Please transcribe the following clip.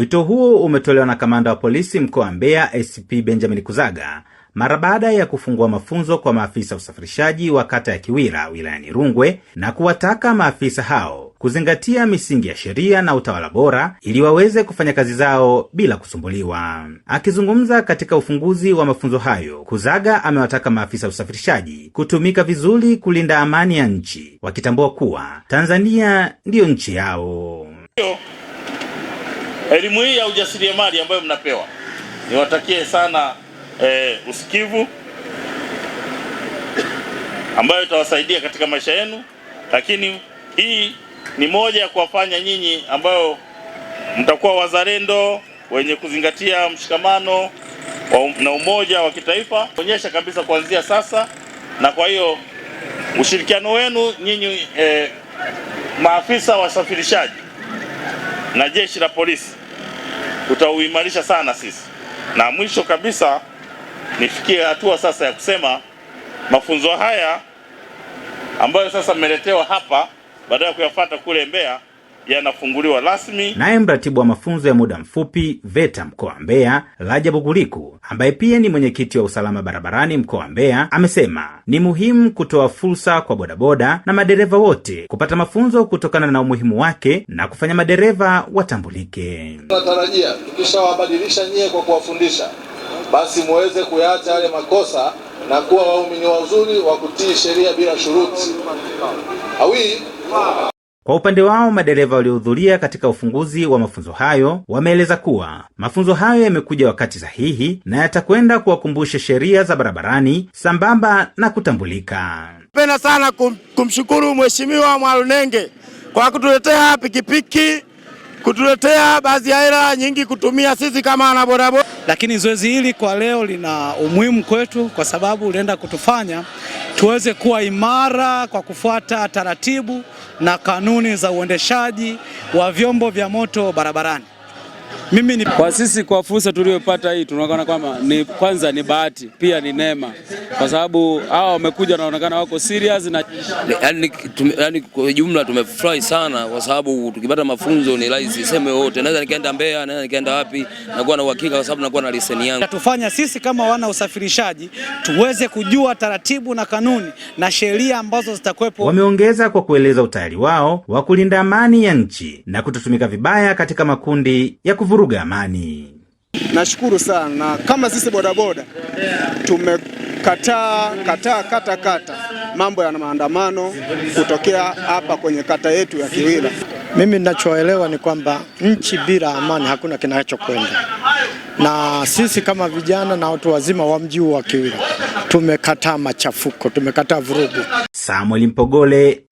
Wito huo umetolewa na kamanda wa polisi mkoa wa Mbeya sp Benjamin Kuzaga mara baada ya kufungua mafunzo kwa maafisa usafirishaji wa kata ya Kiwira wilayani Rungwe na kuwataka maafisa hao kuzingatia misingi ya sheria na utawala bora ili waweze kufanya kazi zao bila kusumbuliwa. Akizungumza katika ufunguzi wa mafunzo hayo, Kuzaga amewataka maafisa usafirishaji kutumika vizuri kulinda amani ya nchi, wakitambua kuwa Tanzania ndiyo nchi yao. Elimu hii ya ujasiriamali ambayo mnapewa, niwatakie sana eh, usikivu ambayo itawasaidia katika maisha yenu, lakini hii ni moja ya kuwafanya nyinyi ambayo mtakuwa wazalendo wenye kuzingatia mshikamano um-, na umoja wa kitaifa, onyesha kabisa kuanzia sasa. Na kwa hiyo ushirikiano wenu nyinyi eh, maafisa wasafirishaji na jeshi la polisi utauimarisha sana sisi. Na mwisho kabisa nifikie hatua sasa ya kusema mafunzo haya ambayo sasa mmeletewa hapa baada ya kuyafata kule Mbeya yanafunguliwa rasmi. Naye mratibu wa mafunzo ya muda mfupi VETA mkoa wa Mbeya, Rajabu Guliku, ambaye pia ni mwenyekiti wa usalama barabarani mkoa wa Mbeya, amesema ni muhimu kutoa fursa kwa bodaboda na madereva wote kupata mafunzo kutokana na umuhimu wake na kufanya madereva watambulike. Tunatarajia tukishawabadilisha nyie kwa kuwafundisha, basi muweze kuyaacha yale makosa na kuwa waumini wazuri wa kutii sheria bila shuruti. Awi kwa upande wao madereva waliohudhuria katika ufunguzi wa mafunzo hayo wameeleza kuwa mafunzo hayo yamekuja wakati sahihi na yatakwenda kuwakumbusha sheria za barabarani sambamba na kutambulika. Napenda sana kum, kumshukuru Mheshimiwa Mwalunenge kwa kutuletea pikipiki, kutuletea baadhi ya hela nyingi kutumia sisi kama wanabodaboda, lakini zoezi hili kwa leo lina umuhimu kwetu kwa sababu ulienda kutufanya tuweze kuwa imara kwa kufuata taratibu na kanuni za uendeshaji wa vyombo vya moto barabarani. Mimi ni... kwa sisi kwa fursa tuliyopata hii tunaona kwamba ni kwanza ni bahati pia ni neema kwa sababu hawa wamekuja naonekana wako serious na yani, yani kwa jumla tumefurahi sana, kwa sababu tukipata mafunzo ni rahisi sema wote, naweza nikaenda Mbeya, naweza nikaenda wapi, nakuwa na uhakika kwa sababu nakuwa na leseni yangu. Tufanya sisi kama wana usafirishaji tuweze kujua taratibu na kanuni na sheria ambazo zitakuwepo. Wameongeza kwa kueleza utayari wao wa kulinda amani ya nchi na kutotumika vibaya katika makundi ya kuvuruga amani. Nashukuru sana kama sisi bodaboda tume kataa kataa kata kata mambo ya maandamano kutokea hapa kwenye kata yetu ya Kiwira. Mimi ninachoelewa ni kwamba nchi bila amani hakuna kinachokwenda, na sisi kama vijana na watu wazima wa mji huu wa Kiwira tumekataa machafuko, tumekataa vurugu. Samuel Mpogole